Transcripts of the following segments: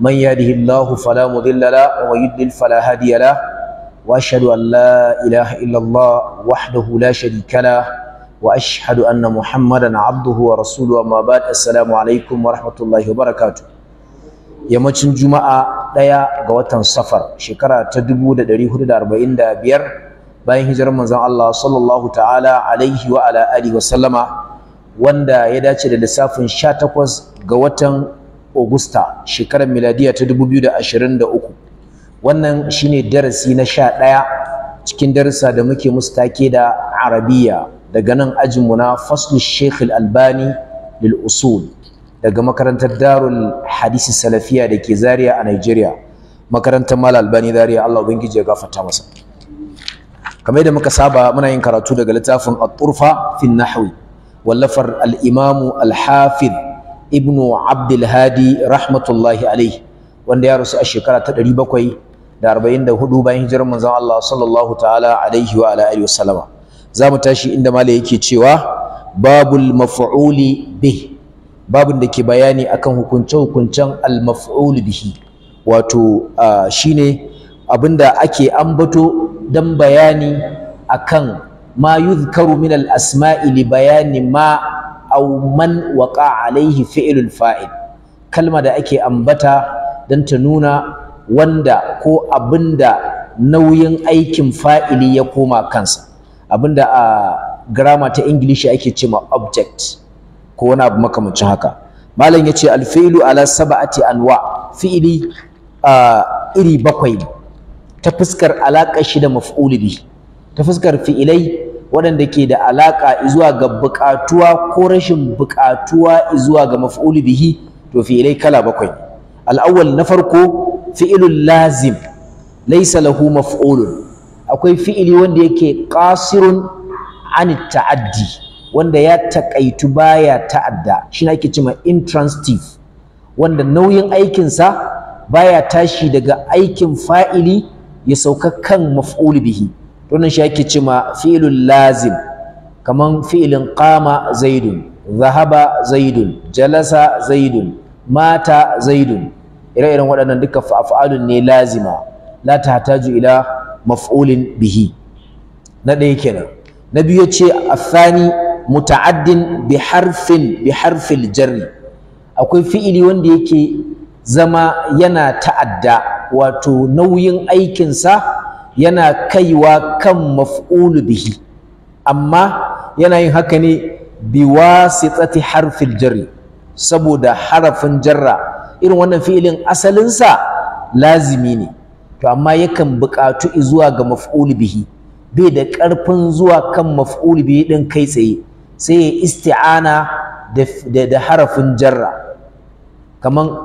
من يهده الله فلا مضل له ومن يضلل فلا هادي له واشهد ان لا اله الا الله وحده لا شريك له واشهد ان محمدا عبده ورسوله بعد السلام عليكم ورحمه الله وبركاته yammacin juma'a ɗaya ga watan safar shekara ta 1445 bayan hijirar manzon Allah sallallahu ta'ala alaihi wa ala alihi wa sallama wanda ya dace da lissafin 18 ga watan Augusta shekarar miladiya ta 2023 wannan shine darasi na sha ɗaya cikin darussa da muke mustake da Arabiya daga nan ajinmu na faslu Sheikh Al-Albani lil usul daga makarantar Darul Hadisi Salafiya da ke Zaria a Nigeria makarantar Mal Albani Zaria Allah ubangiji ya gafarta masa kamar yadda muka saba muna yin karatu daga littafin At-Turfa fi Nahwi wallafar Al-Imam Al-Hafiz ibnu Abdulhadi rahmatullahi alaihi wanda ya rasu a shekara ta ɗari bakwai da arba'in da hudu bayan hijirar manzon Allah sallallahu ta'ala alaihi wa ala alihi wasallama za mu tashi inda mala yake cewa babul maf'uli bihi. Babin da ke bayani akan hukunce-hukuncen al bihi wato shine abinda ake ambato dan bayani akan ma yuzkaru min al-asma'i li bayani ma aw man waqa alaihi fi'lul fa'il kalma da ake ambata dan ta nuna wanda ko abinda nauyin aikin fa'ili ya koma kansa abinda a grammar ta english ake cewa object ko wani abu makamancin haka malam yace al-fi'lu ala sab'ati anwa fi'ili iri bakwai ta fuskar alaƙa shi da maf'ul bi ta fuskar fi'ilai waɗanda ke da alaƙa zuwa ga buƙatuwa ko rashin buƙatuwa zuwa ga maf'uli bihi to fi'ilai kala bakwai al'awwal na farko fi'ilul lazim laysa lahu maf'ulun akwai fi'ili wanda yake qasirun an ta'addi wanda ya taƙaitu baya ta'adda shine ake cewa intransitive wanda nauyin aikinsa baya tashi daga aikin fa'ili ya sauka kan maf'ul bihi wannan shi ake cima fi'lul lazim kaman fi'lin qama zaidun zahaba zaidun jalasa zaidun mata zaidun ire-iren waɗannan duka af'alun ne lazima la tahtaju ila maf'ulin bihi na ɗaya kenan na biyu ce athani muta'addin bi harfin bi harfil jarri akwai fi'ili wanda yake zama yana ta'adda wato nauyin aikinsa yana kaiwa kan maf'ulu bihi amma yana yin haka ne biwasitati harfil jarri saboda harafin jarra irin wannan fi'ilin asalinsa lazimi ne to amma yakan buƙatu zuwa ga maf'ul bihi bai da ƙarfin zuwa kan maf'ul bihi din kai tsaye sai ya isti'ana da harafin jarra kaman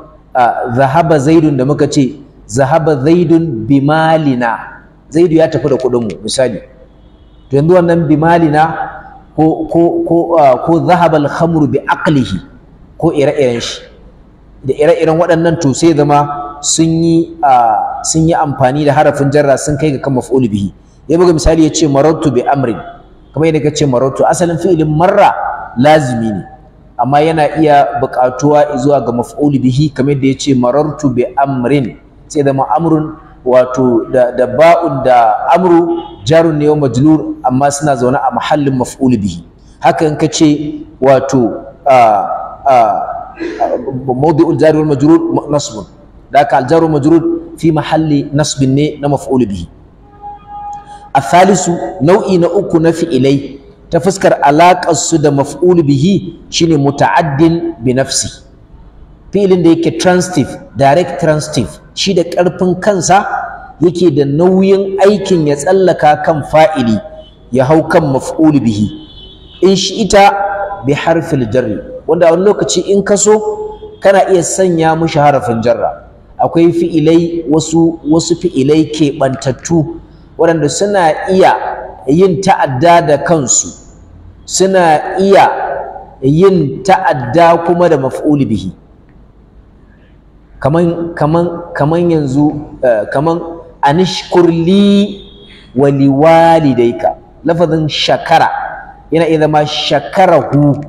zahaba zaidun da muka ce zahaba zaidun bimalina zaidu ya tafi da kuɗin mu misali to yanzu wannan bi malina ko ko ko ah, ko zahaba al-khamru bi aqlihi ko ire-iren shi da ire-iren waɗannan to sai zama sun yi ah, sun yi amfani da harafin jarra sun kai ga kan maf'ul bihi ya buga misali ya ce marattu bi amrin kamar yadda kace marattu asalin fi'ilin marra lazimi ne amma yana iya buƙatuwa zuwa ga maf'ul bihi kamar yadda ya ce marartu bi amrin sai zama amrun wato da da ba'un da amru jarun ne wa majnur amma suna zaune a mahallin maf'ul bihi haka in kace wato a a mawdu'ul jar wal majrur nasb da ka al jar wal majrur fi mahalli nasb ne na maf'ul bihi nau'i na uku na fi'ilai ta fuskar su da maf'ul bihi shine muta'addin bi nafsi fi'ilin da yake transitive direct transitive shi da ƙarfin kansa yake da nauyin aikin ya tsallaka kan fa'ili ya hau kan maf'ul bihi in shi ita bi harfil jarri wanda wani lokaci in ka so kana iya sanya mushi harafin jarra akwai fi'ilai wasu wasu fi'ilai keɓantattu waɗanda suna iya yin ta'adda da kansu suna iya yin ta'adda kuma da maf'ul bihi kaman kaman kaman yanzu eh, kaman anishkurli wa liwalidayka lafazin shakara yana iya zama hu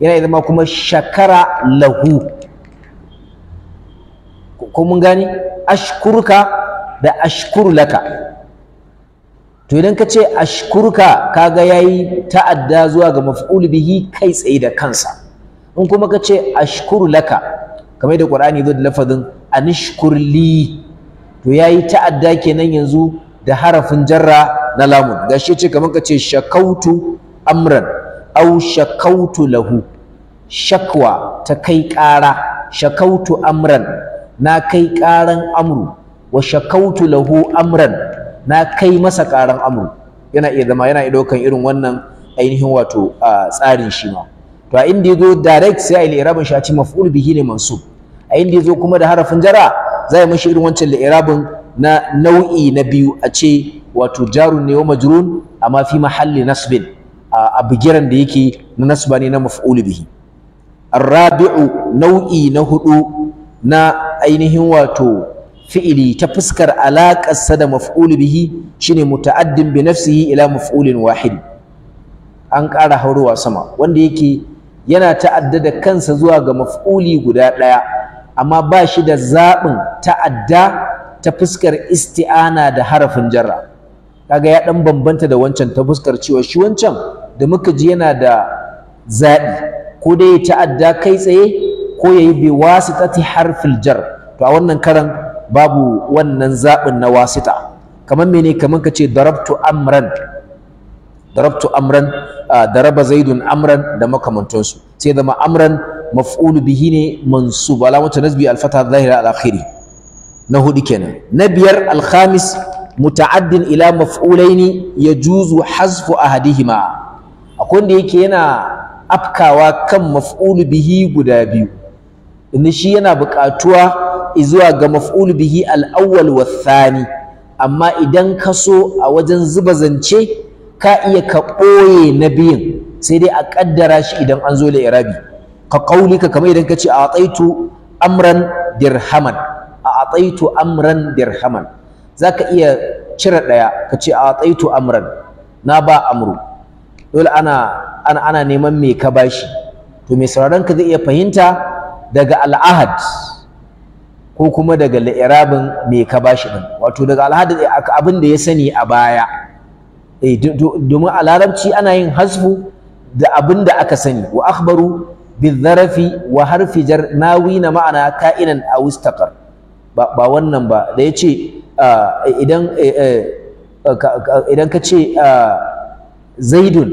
yana iya zama kuma shakara lahu ko mun gani? ashkurka da ashkur laka to idan ka ce ashkurka kaga yayi ta'adda zuwa ga maf'ul bihi kai tsaye da kansa in kuma ka ce laka kamar da Qur'ani zo da lafazin anishkurli to yayi ta'adda kenan yanzu da harafin jarra na lamun gashi ce kamar kace shakautu amran au shakautu lahu shakwa ta kai ƙara shakautu amran na kai ƙaran amru wa shakautu lahu amran na kai masa ƙaran amru yana iya zama yana iya ɗaukan irin wannan ainihin wato tsarin shi ma to a inda yazo direct sai a li'irabin shi a ci maf'ul bihi ne mansub a inda zo kuma da harafin jara za a mashi irin wancan li'irabin na nau'i na biyu a ce wato jarun ne wa majrun amma fi mahalli nasbin a bigiran da yake na nasba ne na maf'ul bihi arrabi'u nau'i na hudu na ainihin wato fi'ili ta fuskar alaƙarsa da maf'ul bihi shine muta'addin bi nafsihi ila maf'ulin wahid an ƙara haurowa sama wanda yake yana ta'adda da kansa zuwa ga maf'uli guda ɗaya amma ba shi da zaɓin ta'adda ta fuskar isti'ana da harafin jarra kaga ya ɗan bambanta da wancan ta fuskar cewa shi wancan da muka ji yana da zaɓi ko dai ya ta'adda kai tsaye ko ya yi bi wasitati harfil jar to a wannan karan babu wannan zaɓin na wasita kamar mene kamar ka ce darabtu amran darabtu amran daraba zaidun amran da makamantansu sai zama amran maf'ulu bihi ne mansub alamatu nasbi al-fatha zahira al-akhiri na hudu kenan na biyar al-khamis muta'addin ila maf'ulain yajuzu hazfu ahadihima akwai wanda yake yana afkawa kan maf'ulu bihi guda biyu inda shi yana buƙatuwa izuwa ga maf'ul bihi al-awwal wa thani amma idan ka so a wajen zuba zance ka iya ka ɓoye na biyun sai dai a ƙaddara shi idan an zo irabi ka ƙaulika kamar idan ka ce a ataitu amran dirhaman a ataitu amran dirhaman za ka iya cire ɗaya ka ce a ataitu amran na ba amru dole ana ana, ana neman me ka bashi to mai sauraron ka zai iya fahimta daga al'ahad ko kuma daga li'irabin me ka bashi din wato daga al'ahad abin da ya sani a baya Eh, domin a larabci ana yin hasfu da abin da aka sani wa akhbaru bizarafi wa harfi jar nawi na ma'ana ka'inan a wustaqar ba wannan ba da ya ce eh, eh, idan ka ce zaidun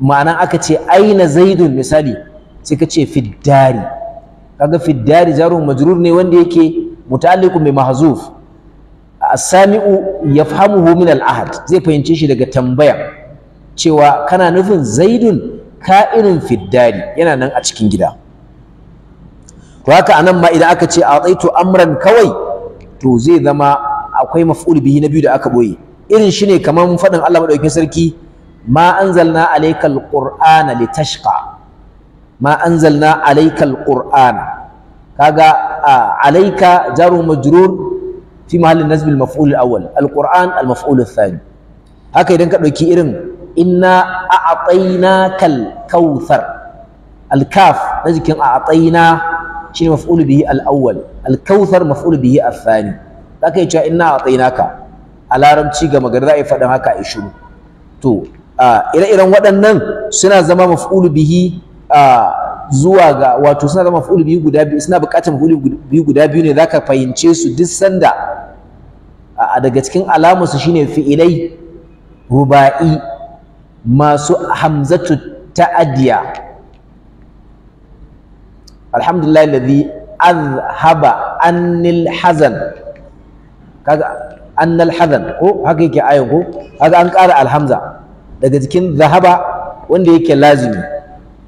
ma'ana aka ce aina zaidun misali sai ka ce fiddari kaga fiddari jarun majrur ne wanda yake muta'alliqun bi mahzuf as-sami'u yafhamuhu min al-ahad zai fahimce shi daga tambaya cewa kana nufin zaidun ka'irin fiddari yana nan a cikin gida to haka anan ma idan aka ce ataitu amran kawai to zai zama akwai maf'ul bihi na biyu da aka boye irin shi ne kamar faɗin Allah madaukakin sarki ma anzalna alaykal qur'ana litashqa ma anzalna alaykal qur'ana kaga Alayka jaru majrur fi mahallin nasbi al-maf'ul al-awwal al-qur'an al-maf'ul al-thani haka idan ka dauki irin inna a'tainakal kautsar al-kaf na jikin a'taina shine maf'ul bihi al-awwal al-kautsar maf'ul bihi al-thani haka yace inna a'tainaka a larabci ga magana za a yi faɗin haka a shiru to ire-iren waɗannan suna zama maf'ul bihi zuwa ga wato suna zama maf'ul biyu guda biyu suna buƙatar maf'ul biyu guda biyu ne zaka fahimce su duk sanda a daga cikin alamarsu su shine fi'ilai ruba'i masu hamzatu ta'adiya alhamdulillah alladhi azhaba annil hazan kaga annal hazan ko haka yake ayin ko kaga an ƙara alhamza daga cikin zahaba wanda yake lazimi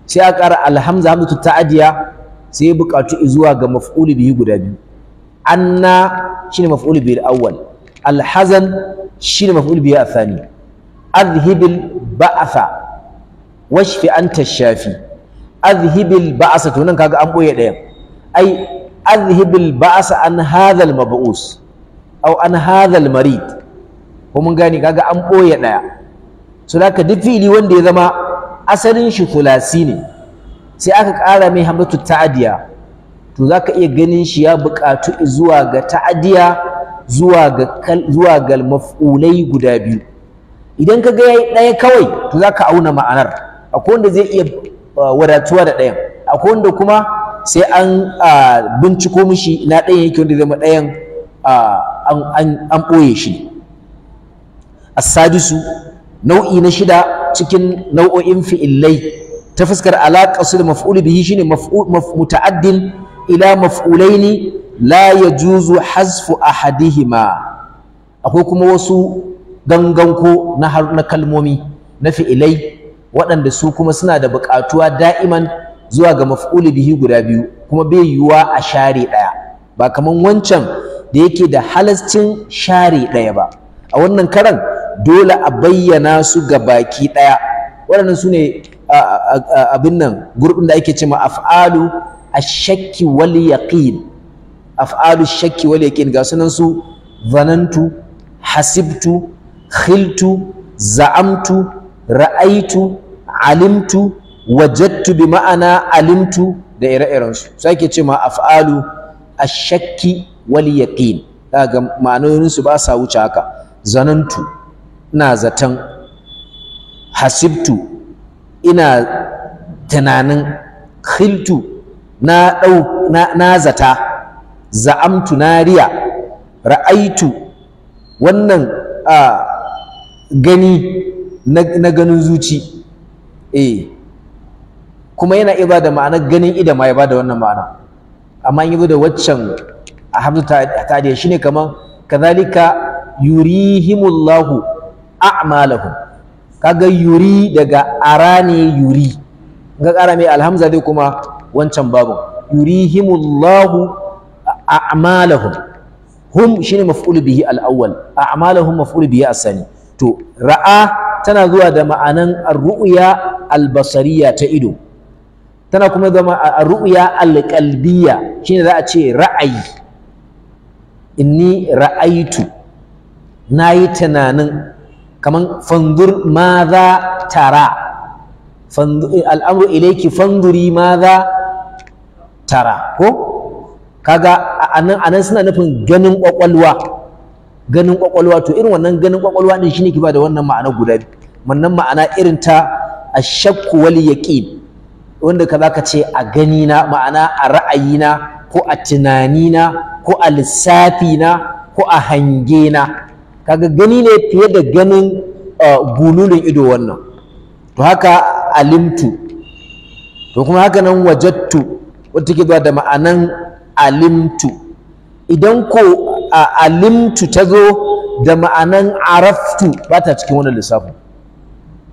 sai a ƙara alhamza hamzatu ta'adiya sai ya buƙaci zuwa ga maf'ulu bihi guda biyu anna shine maf'ulu bihi al-awwal alhazan shine maf'ulu bihi al-thani adhhibil ba'atha washfi anta shafi adhhibil ba'asa to nan kaga an boye ɗaya. ai adhhibil ba'asa an hadha al-mab'us aw an hadha al-marid ko mun gane kaga an boye ɗaya so da duk fi'ili wanda ya zama asalin shi kulasi ne sai aka ƙara mai hamzatu ta'adiya to za ka iya ganin shi ya buƙatu zuwa ga ta'adiya zuwa ga maf'ulai guda biyu idan ka ga yayi ɗaya kawai to za ka auna ma'anar akwai wanda zai iya wadatuwa da ɗayan akwai wanda kuma sai an binciko mishi na ɗayan yake wanda zama ɗayan an ɓoye shi As-Sadisu nau'i na shida cikin nau'o'in fi'illai ta fuskar alaƙa su da maf'ul bihi shine muta'addin ila maf'ulaini la yajuzu hazfu ahadihima akwai kuma wasu ganganko na har kalmomi na fi'ilai waɗanda su kuma suna da buƙatuwa da'iman zuwa ga maf'ul bihi guda biyu kuma bai yiwuwa a share ɗaya ba kaman wancan da yake da halascin share ɗaya ba a wannan karan dole a bayyana su ga baki ɗaya waɗannan su ne abin nan gurbin da ake cewa af'alu shakki wal yaqin af'alu shakki wal yaqin ga sunan su zanantu hasibtu khiltu za'amtu ra'aitu alimtu wajadtu bi ma'ana alimtu da ire iren su ake cewa af'alu shakki wal yaqin ma'anoyin su ba sa wuce haka zanantu ina zaton hasibtu ina tunanin khiltu na ɗau na, zata za'amtu na riya ra'aitu wannan a gani na, na ganin zuci eh kuma yana iya bada ma'anar ganin ida ma ya bada wannan ma'ana amma in yi da waccan a hamzu ta, ta, shine kamar kazalika yurihimullahu a'malahum kaga yuri daga arani yuri ga ƙara alhamza dai kuma wancan babu yurihimullahu a'malahum hum shine maf'ul bihi al-awwal a'malahum maf'ul bihi asani to ra'a tana zuwa da ma'anan ar-ru'ya al-basariyya ta ido tana kuma zama ar-ru'ya al-qalbiyya shine za a ce ra'ayi inni ra'aitu nayi tunanin kaman fandur ma za tara eh, al'amru ilaiki fanduri ma za tara ko kaga anan nan suna nufin ganin kwakwalwa ganin kwakwalwa to irin wannan ganin kwakwalwa din shine ki ba da wannan ma'ana guda wannan ma'ana irin ta a shakku wal yaqin wanda ka zaka ce a gani na ma'ana a ra'ayi na ko a tunani na ko a lissafi na ko a hange na kaga gani ne fiye da ganin uh, bululin ido wannan to haka alimtu to kuma haka nan wajattu wata ke zuwa da ma'anan alimtu idan ko alimtu ta zo da ma'anan araftu ba ta cikin wannan lissafin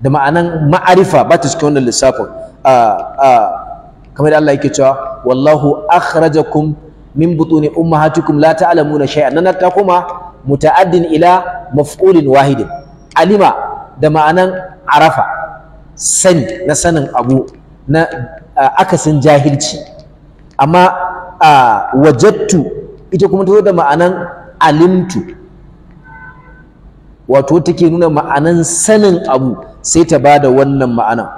da ma'anan ma'arifa ba ta cikin wannan lissafin kamar da Allah yake cewa wallahu akhrajakum min butuni ummahatikum la ta'lamuna shay'an nan kuma muta'addin ila maf'ulin wahidin alima da ma'anan arafa sani na sanin abu na akasin jahilci amma wajattu ita kuma ta da ma'anan alimtu wato take nuna ma'anan sanin abu sai ta ba da wannan ma'anan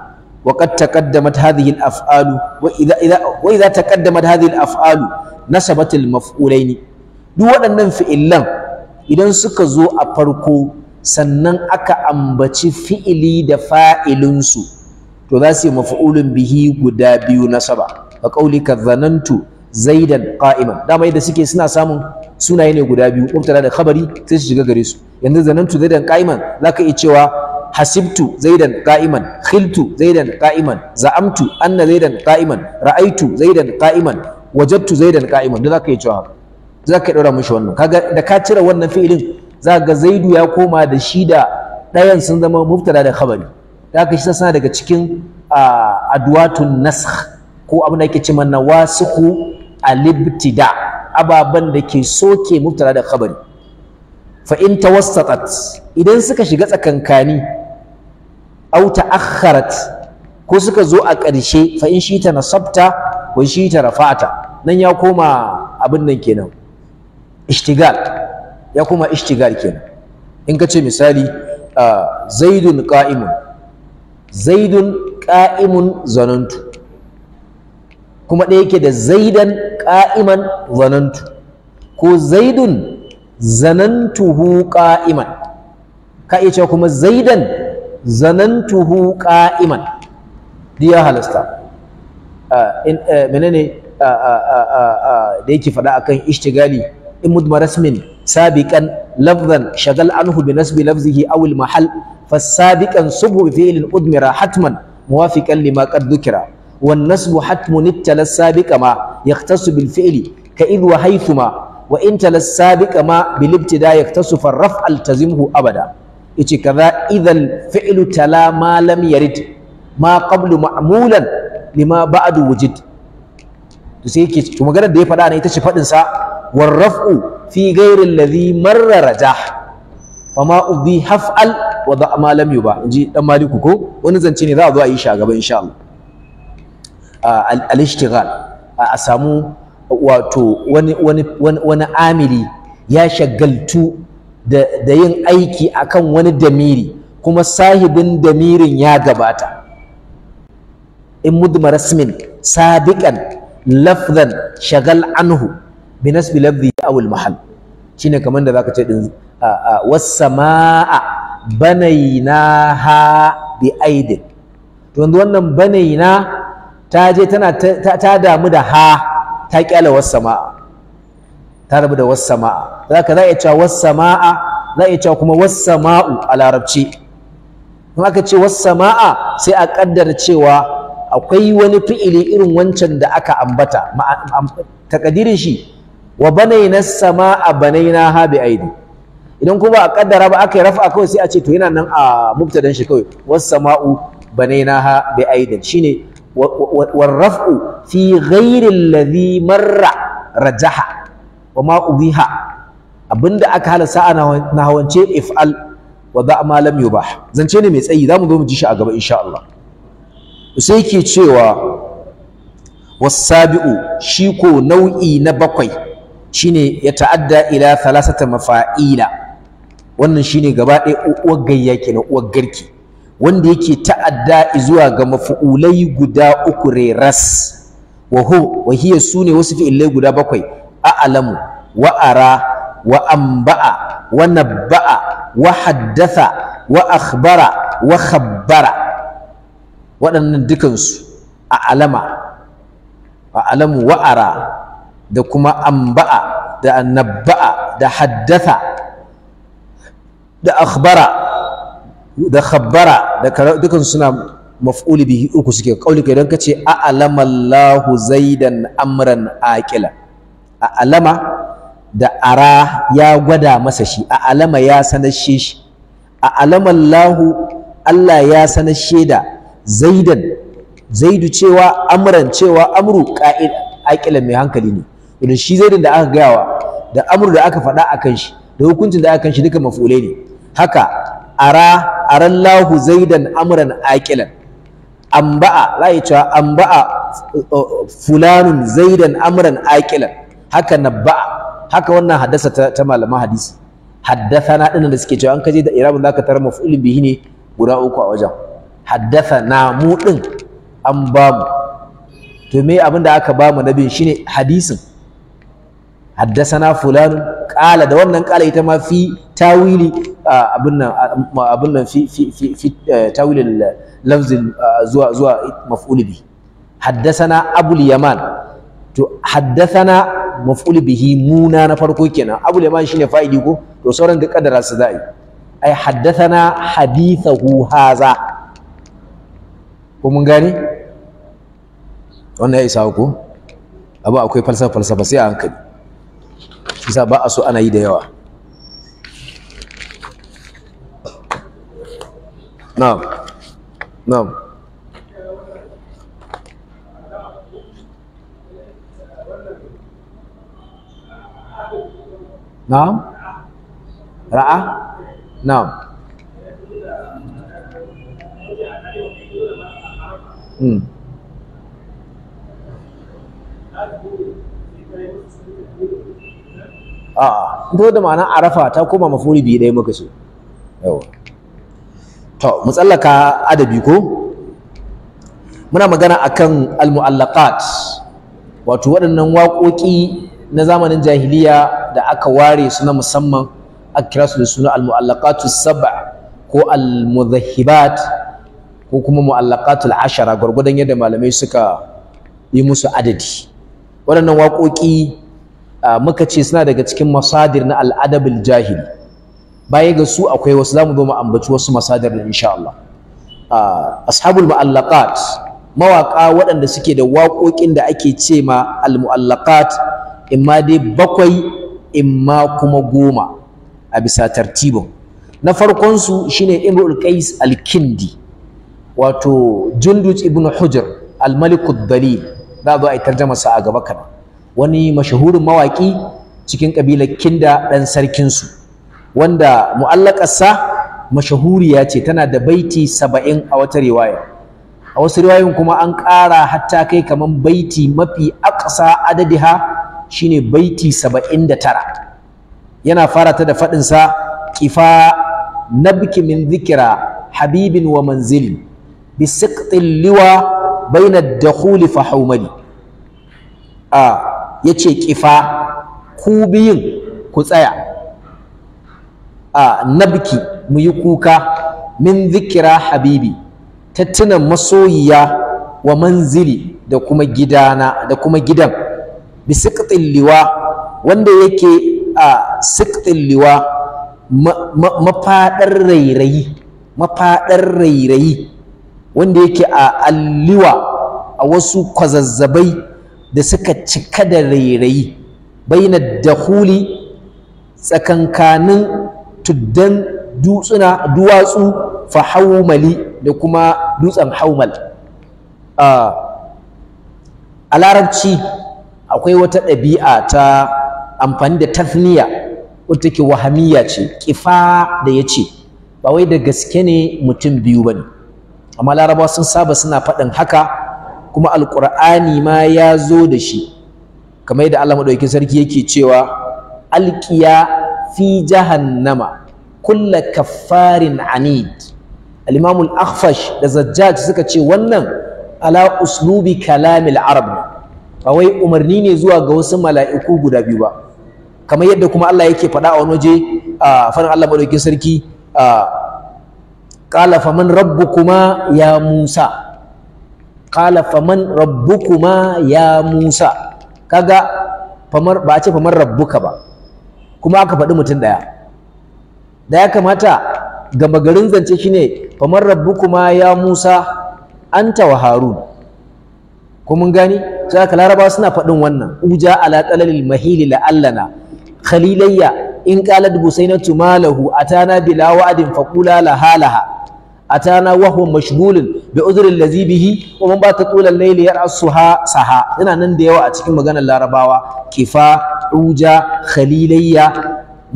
wa qad taqaddamat hadhihi al-af'alu wa idha idha wa idha taqaddamat hadhihi al-af'alu nasabat al-maf'ulaini duk waɗannan fi'illan idan suka zo a farko sannan aka ambaci fi'ili da fa'ilinsu to za su yi mafa'ulun bihi guda biyu nasaba ka qaulika zanantu zaidan ƙa'iman dama yadda suke suna samun sunaye ne guda biyu mubtada da khabari sai su shiga gare su yanzu zanantu zaidan za ka iya cewa hasibtu zaidan ƙa'iman khiltu zaidan ƙa'iman za'amtu anna zaidan ƙa'iman ra'aitu zaidan ƙa'iman wajadtu zaidan qa'iman da ka iya cewa haka. za ka ɗora mishi wannan kaga da ka cire wannan fi'ilin za ga zaidu ya koma da shi da ɗayan sun zama mubtada da khabari da ka shi sana daga cikin adwatun nasakh ko abin da yake ce mana wasikhu alibtida ababan da ke soke mubtada da khabari fa in tawassatat idan suka shiga tsakankani aw ta'akhkharat ko suka zo a ƙarshe fa in shita nasabta wa shita rafata. nan ya koma abin nan kenan ishtigal ya kuma ishtigal kenan in ka ce misali zaidun ka'imun zaidun ka'imun zanantu kuma ɗaya yake da zaidan ka'iman zanantu ko zaidun zanantuhu ka'iman ka iya cewa kuma zaidan zanantuhu ka'iman duk ya halasta eh, menene da yake faɗa akan ishtigali imudmar rasmin sabiƙan lafzan shagal an hu bi nasbi lafzihi awil mahal fasabiƙan subhu fi'lin udmira hatman muwafikan, lima qad dhukira wan nasbu hatmun ittala sabiqa ma fi'li ka id wa haythuma wa in tala sabiqa yaktasu far abada ichi kaza idhal fi'lu tala ma lam yarid ma qablu ma'mulan lima ba'du wujid to sai yake da ya faɗa ne ita ce faɗin sa warraf'u fi gairin alladhi marra rajah wa ma udhi haf'al wa da ma lam yuba inji dan maliku ko wani zance ne za a zo a yi shi a gaba al-ishtighal a samu wato wani wani ya shagaltu da yin aiki akan wani damiri kuma sahibin damirin ya gabata in mudma rasmin sabiqan lafzan shagal anhu bi nasbi lafzi aw al mahal shine kamar da zaka ce din was-samaa banaynaha bi aidin to yanzu wannan banayna ta je ta damu da ha ta kyala was-samaa ta rabu da was-samaa cewa samaa za a cewa kuma was a larabci in aka ce was-samaa sai a kaddara cewa akwai wani fi'ili irin wancan da aka ambata takadirin shi wa banaina sama'a banaina ha bi aidi idan kuma a kaddara ba aka yi rafa kawai sai a ce to yana nan a mubtadan shi kawai was sama'u banaina ha bi aidin shine war raf'u fi ghairi alladhi marra rajaha wa ma ubiha abinda aka halasa sa'a na hawance if'al wa da ma lam yubah zance ne mai tsayi zamu zo mu ji shi a gaba insha Allah sai yake cewa wasabi'u shi ko nau'i na bakwai shine ya ta'adda ila thalathata mafa'ila wannan shine gaba ɗaya uwar gayya kenan uwar garki wanda yake ta'adda zuwa ga mafu'ulai guda uku reras wa hu wa hiya sune wasu fi'ilai guda bakwai a'lamu wa ara wa anba'a wa nabba'a wa haddatha wa akhbara wa khabbara waɗannan dukansu a'lama a'lamu wa ara da kuma amba'a da annabba'a da haddatha da akhbara da khabbara da dukan suna maf'uli bihi uku suke kauli ka dan kace a'lama Allahu zaidan amran aqila a'lama da ara ya gwada masa shi a'lama ya sanar shi a'lama Allahu Allah ya sanar sheda zaidan zaidu cewa amran cewa amru qa'id aqilan mai hankali ne to shi zaidin da aka gayawa da amru da aka faɗa a kan shi da hukuncin da aka kan shi duka maf'ulai ne haka ara lahu zaidan amran aqilan amba'a za yi cewa amba'a uh, fulanun zaidan amran aqilan haka nabba'a haka wannan haddasa ta, ta malaman hadisi haddathana dinnan da suke cewa an kaje da irabun zaka tarar maf'ulun bihi ne guda uku a wajen haddathana mu din an bamu to me abin da aka bamu na bin shine hadisin haddasana fulan qala da wannan qala ita ma fi tawili abin nan abin fi fi fi tawilin lafzin zuwa zuwa maf'ul bi haddasana abul yaman to haddasana maf'ul bihi muna na farko kenan abul yaman shine fa'idi ko to sauran duk kadara su za'i ai haddathana hadithahu haza ko mun gane wannan ya isa ku abu akwai falsafa falsafa sai a hankali isa ba a so ana yi da yawa na'am na'am na'am ra'a na'am Hmm. a'a to da ma'ana arafa ta koma mafuri biyu ɗaya muka so yawa to mu tsallaka adabi ko muna magana akan al-mu'allaqat wato waɗannan waƙoƙi na zamanin jahiliya da aka ware su na musamman a kira su da suna almu'allaqatu sab'a ko al-mudhahibat ko kuma mu'allaqatul ashara gwargwadon yadda malamai suka yi musu adadi waɗannan waƙoƙi muka ce suna daga cikin masadir na al'adabul jahili baya ga su akwai wasu zamu zo mu ambaci wasu masadir din insha Allah ashabul mu'allaqat mawaka waɗanda suke da waƙoƙin da ake ce ma al-mu'allaqat imma dai bakwai imma kuma goma a bisa tartibin na farkon su shine Imrul Qais al-Kindi wato Junduj ibn Hujr al-Malik ad-Dalil da zo ai tarjama sa a gaba kana wani mashahurin mawaƙi cikin ƙabilar kinda ɗan sarkinsu wanda mu'allakarsa mashahuriya ce tana da baiti saba'in a wata riwaya a wasu riwayoyin kuma an ƙara hatta kai kaman baiti mafi aƙasa adadiha shine baiti saba'in da tara yana fara ta da faɗinsa kifa nabki min zikira habibin wa manzili bi liwa baina dakhuli fa haumali a ya ce kifa ku biyun ku tsaya a nabki mu yi kuka min zikira habibi ta tuna masoyiya wa manzili da kuma gidana da kuma gidan bi liwa wanda yake a siqtin liwa mafaɗar rairayi mafaɗar rairayi wanda yake a alliwa a wasu kwazazzabai da suka cika da rairayi na dakhuli tsakankanin tuddan dutsuna duwatsu fa haumali da kuma dutsen haumal a larabci akwai wata ɗabi'a ta amfani da tafniya wata ke wahamiya ce kifa da ya ce ba wai da gaske ne mutum biyu ba ne amma larabawa sun saba suna faɗin haka kuma alqur'ani ma ya zo da shi kamar yadda Allah madaukakin sarki yake cewa alqiya fi jahannama kulla kaffarin anid al-imam al-akhfash da zajjaj suka ce wannan ala uslubi kalamil arab ba wai umarni ne zuwa ga wasu mala'iku guda biyu ba kamar yadda kuma Allah yake faɗa a wani waje a farin Allah madaukakin sarki qala faman rabbukuma ya musa qala faman rabbukuma ya musa kaga famar ba a ce famar rabbuka ba kuma aka faɗi mutum ɗaya da ya kamata gama garin zance shine famar rabbukuma ya musa anta wa harun ko mun gani sai aka laraba suna faɗin wannan uja ala qalalil mahili la'allana khalilayya in qalat busainatu malahu atana bila wa'adin faqula laha laha atana wa huwa mashghulun bi udhril ladhi bihi wa man bata tulal layli yar'asuha saha Ina nan da yawa a cikin maganar larabawa kifa uja khalilayya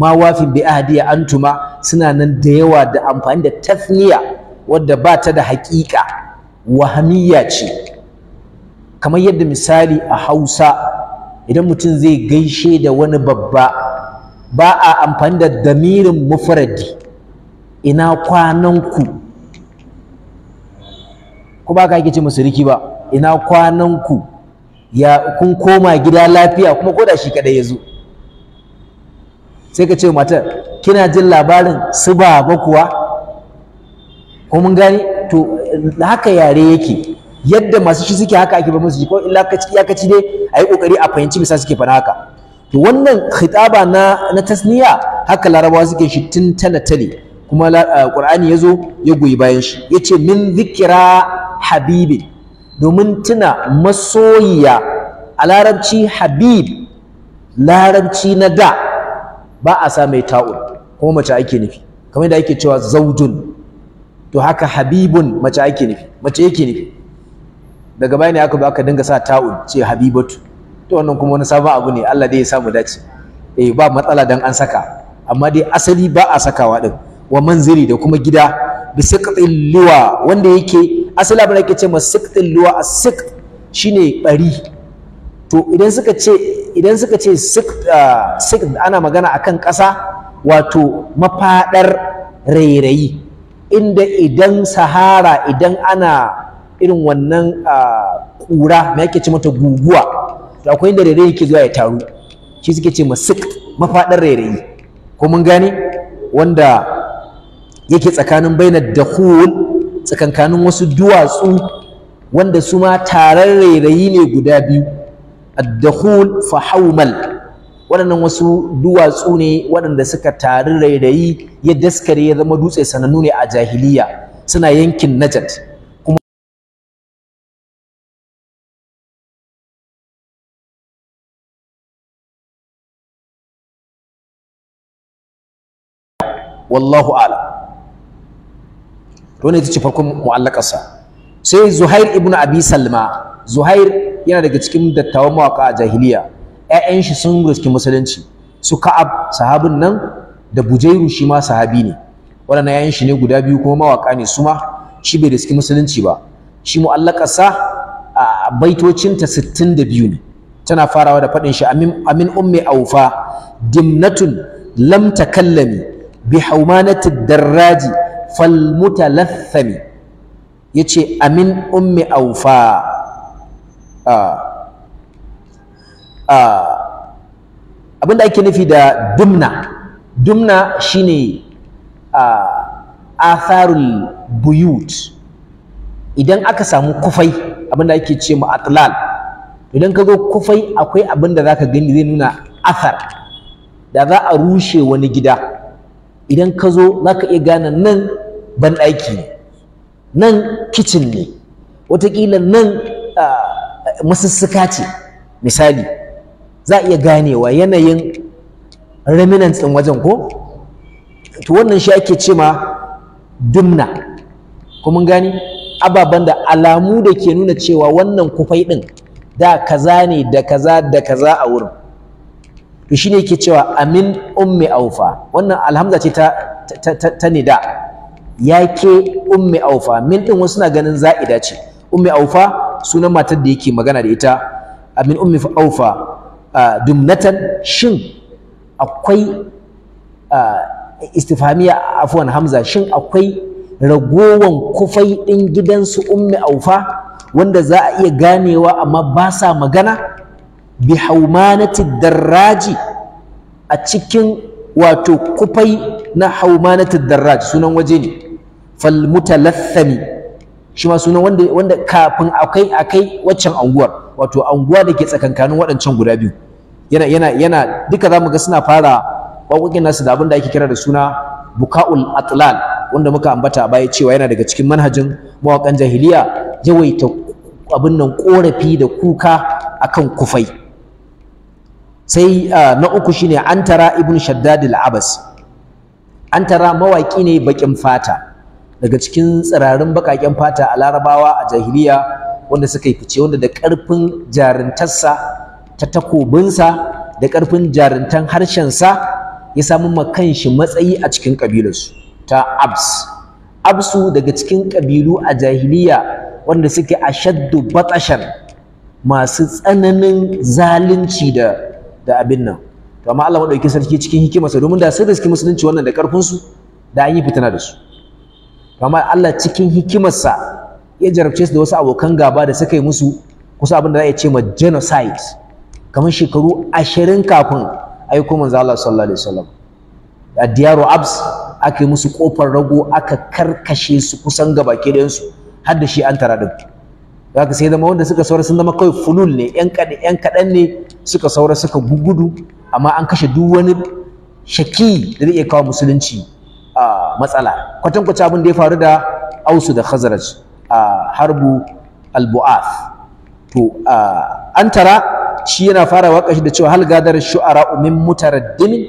ma wafi bi ahdiya antuma suna nan da yawa da amfani da tafniya wadda ba ta da haƙiƙa wahamiyya ce kamar yadda misali a Hausa idan mutum zai gaishe da wani babba ba a amfani da damirin mufradi ina kwananku ko ba ka ake ce musu riki ba ina kwanan ku ya kun koma gida lafiya kuma ko da shi kadai ya zo sai ka ce matar kina jin labarin su ba ba kuwa ko mun gani to haka yare yake yadda masu shi suke haka ake ba musu ko illa ka iyakaci dai a yi kokari a fahimci bisa suke fana haka to wannan khitaba na na tasniya haka larabawa suke shi tun tana tale kuma eh, qur'ani yazo ya goyi bayan shi yace min zikira habibin domin tuna masoyiya a larabci habib larabci na da ba a sa mai ta'un kuma mace ake nufi kamar da ake cewa zaujun to haka habibun mace ake nufi mace yake nufi daga baya ne aka ba aka dinga sa ta'un ce habibatu to wannan kuma wani sabon abu ne Allah dai ya samu dace eh ba matsala dan an saka amma dai asali ba a sakawa din wa manziri da kuma gida bi liwa wanda yake asali abin da ce ma siktin luwa a sikt shine ɓari. to idan suka ce idan suka ana magana a kan ƙasa wato mafaɗar rairayi inda idan sahara idan ana irin wannan ƙura mai ake ce mata guguwa to akwai inda rairayi ke zuwa ya taru shi suke ce ma sikt mafaɗar rairayi ko mun gane wanda yake tsakanin bainar da tsakankanin wasu duwatsu wanda su ma taron rairayi ne guda biyu addahul fa waɗannan wasu duwatsu ne waɗanda suka taru rairayi ya daskare ya zama dutse sanannu ne a jahiliya suna yankin najat wallahu a'lam to ne ita ce farkon mu'allakarsa sai Zuhair ibn Abi Salma Zuhair yana daga cikin dattawan mawaka a jahiliya ƴaƴan shi sun riski musulunci su Ka'ab sahabin nan da Bujairu shi ma sahabi ne wannan ƴaƴan shi ne guda biyu kuma mawaka ne su ma shi bai riski musulunci ba shi mu'allakarsa a baitocinta 62 ne tana farawa da faɗin shi amin ummi aufa dimnatun lam takallami bi haumanatid darraji falmutalathami ya ce amin ummi aufa ah. Ah. abinda ake nufi da dumna dumna shine ah, atharul buyut idan aka samu kufai abinda ake ce mu atlal idan ka zo kufai akwai abinda za ka gani zai nuna athar da za a rushe wani gida idan ka zo za ka iya gane nan banɗaki ne nan kicin ne watakila nan masussuka ce misali za a iya ganewa yanayin remnants ɗin wajen ko to wannan shi ake ce ma dumna kuma gani ababen da alamu da ke nuna cewa wannan kufai ɗin da kaza ne da kaza da kaza a wurin to shine yake cewa amin ummi aufa wannan alhamza ce ta ta, nida yake ummi aufa min din wasu na ganin za'ida ce ummi aufa sunan matar da yake magana da ita amin ummi aufa dumnatan shin akwai istifhamiya afwan hamza shin akwai ragowan kufai din gidansu ummi aufa wanda za a iya ganewa amma ba sa magana bi haumanati darraji a cikin wato kufai na haumanati darraji sunan waje ne fal mutalathami shi ma sunan wanda kafin akai akai waccan anguwar wato anguwa da ke tsakankanin waɗancan guda biyu yana yana yana duka zamu ga suna fara waƙoƙin nasu da abin da ake kira da suna buka'ul atlal wanda muka ambata a baya cewa yana daga cikin manhajin mawaƙan jahiliya yawaita abin nan ƙorafi da kuka akan kufai sai ah, na uku shine antara ibn shaddad al-abasi antara mawaki ne bakin fata daga cikin tsirarin bakaken fata a larabawa a jahiliya wanda suka yi fice wanda da ƙarfin jarintarsa ta takobinsa da ƙarfin jarintan sa, ya samu makanshi matsayi a cikin ƙabilarsu ta abs absu daga cikin ƙabilu a jahiliya wanda suke ashaddu batashan masu tsananin zalunci da da abin nan to amma Allah madauki sarki cikin hikimarsa domin da sai da suke musulunci wannan da karfin su da an yi fitina da su to amma Allah cikin hikimarsa ya jarabce su da wasu abokan gaba da suka yi musu kusa abin da za a ce ma genocide kamar shekaru ashirin kafin aiko manzo Allah sallallahu alaihi wasallam a diyaru abs aka yi musu kofar rago aka karkashe su kusan gaba da su har da shi an tara din zaka sai zama wanda suka saura sun zama kawai fulul ne yan kaɗan ne suka saura suka gugudu amma an kashe duk wani shaki da zai iya kawo musulunci a matsala kwata abin da ya faru da ausu da khazraj a harbu al-bu'ath to an tara shi yana fara waka da cewa hal gadar shu'ara min mutaraddimin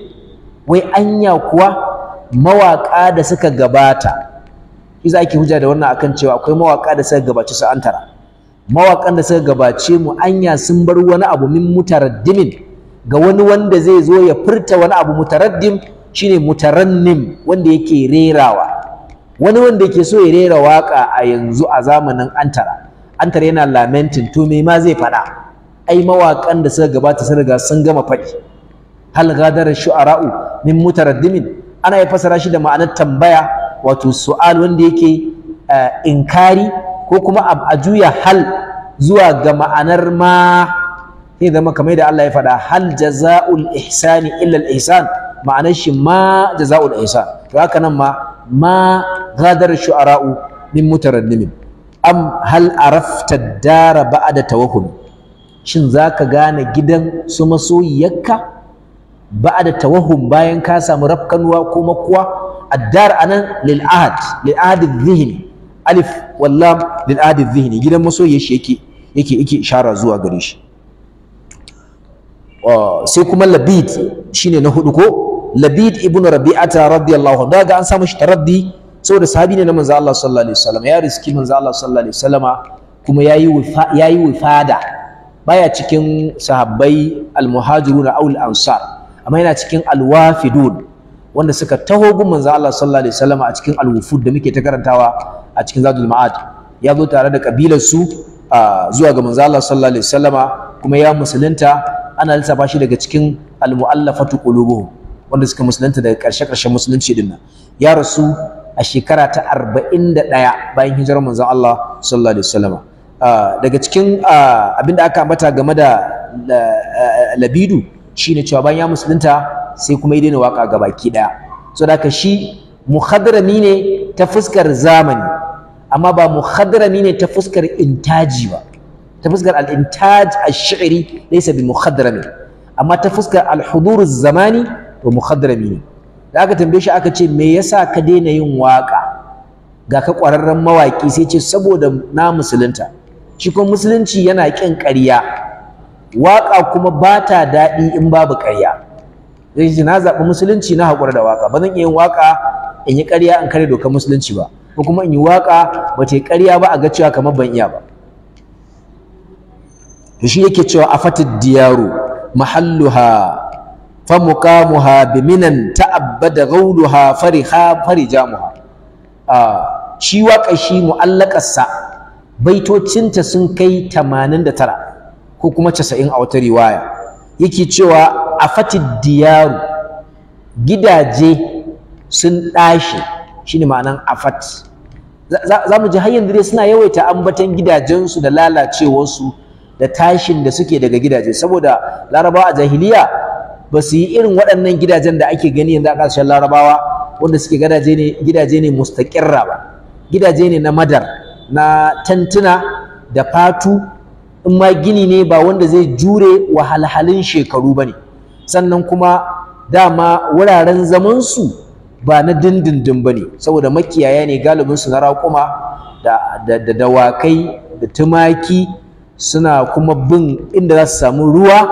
wai anya kuwa mawaka da suka gabata shi za ake hujja da wannan akan cewa akwai mawaka da suka gabaci su an tara mawaƙan da suka gabace mu anya sun bar wani abu min mutaraddimin ga wani wanda zai zo ya furta wani abu mutaraddim shine mutarannim wanda yake rerawa wani wanda yake so ya rera waka a yanzu a zamanin antara antara yana lamentin to me ma zai faɗa ai mawaƙan da suka gabata sun riga sun gama faɗi hal gadar shu'ara'u min mutaraddimin ana ya fasara shi da ma'anar tambaya wato su'al wanda yake eh, inkari ko kuma a juya hal zuwa ga ma'anar ma sai zama kamar da Allah ya faɗa hal jaza'ul ihsani illa al ihsan ma'anar shi ma jaza'ul ihsan to haka nan ma ma ghadar shu'ara'u min mutarannimin am hal arafta dara ba'da tawahum shin zaka gane gidan su masoyiyarka ba'da tawahum bayan ka samu rafkanuwa ko makuwa addar anan lil ahad lil ahad dhihni alif wal lam lil ahad dhihni gidan masoyiyar shi yake yake yake ishara zuwa gare shi ah, sai kuma labid shine na hudu ko labid ibnu rabi'ata radiyallahu anhu daga an samu shi taraddi saboda sahabi ne na manzo Allah sallallahu alaihi wasallam ya riski manzo Allah sallallahu alaihi wasallama kuma yayi yayi wifada baya cikin sahabbai almuhajiruna aw al-ansar amma yana cikin alwafidun wanda suka taho gun manzo Allah sallallahu alaihi wasallama a cikin alwufud da muke ta karantawa a cikin zadul ma'ad ya zo tare da kabilar su zuwa ga manzo Allah sallallahu alaihi wasallama kuma ya musulunta ana lissafa shi daga cikin almu'allafatu qulubuhum wanda suka musulunta daga karshe karshe musulunci dinnan ya rasu a shekara ta 41 bayan hijirar manzo Allah sallallahu alaihi wasallama daga cikin abinda aka ambata game da labidu shine cewa bayan ya musulunta sai kuma ya daina waka gabaki daya saboda da shi muhadrami ne ta fuskar zamani amma ba muhadarami ne ta fuskar intaji ba ta fuskar al-intaj ash-shi'ri laysa bi amma ta fuskar al-hudur zamani to muhadarami, ne da aka tambaye shi aka ce me yasa ka daina yin waƙa, ga ka ƙwararren mawaƙi sai ce saboda na musulunta shi kuma musulunci yana ƙin ƙarya waƙa kuma ba ta daɗi in babu ƙarya zai ce na zaɓi musulunci na haƙura da waƙa ba zan iya yin waƙa in yi ƙarya in karya dokar musulunci ba ko kuma in yi waka ba ta yi ƙarya ba a ga cewa kamar ban iya ba to shi yake cewa afatid diyaru mahalluha fa muqamuha minan ta'abbada ghawluha fariha farijamuha a shi waka shi mu'allakarsa baitocinta sun kai 89 ko kuma 90 a wata riwaya yake cewa afatid diyaru gidaje sun ɗashe shine ma'anan afat za mu ji har yanzu dai suna yawaita ambatan gidajensu da lalacewarsu da tashin da suke daga gidaje saboda larabawa a jahiliya ba su yi irin waɗannan gidajen da ake gani yanzu a ƙasashen larabawa wanda suke gidaje ne gidaje ne mustaƙirra ba gidaje ne na madar na tantuna da fatu in ma gini ne ba wanda zai jure wahalhalun shekaru ba ne sannan kuma dama wuraren zamansu ba na dindindin ba ne saboda makiyaya ne galibinsu na raƙuma da dawakai da tumaki suna kuma bin inda za su samu ruwa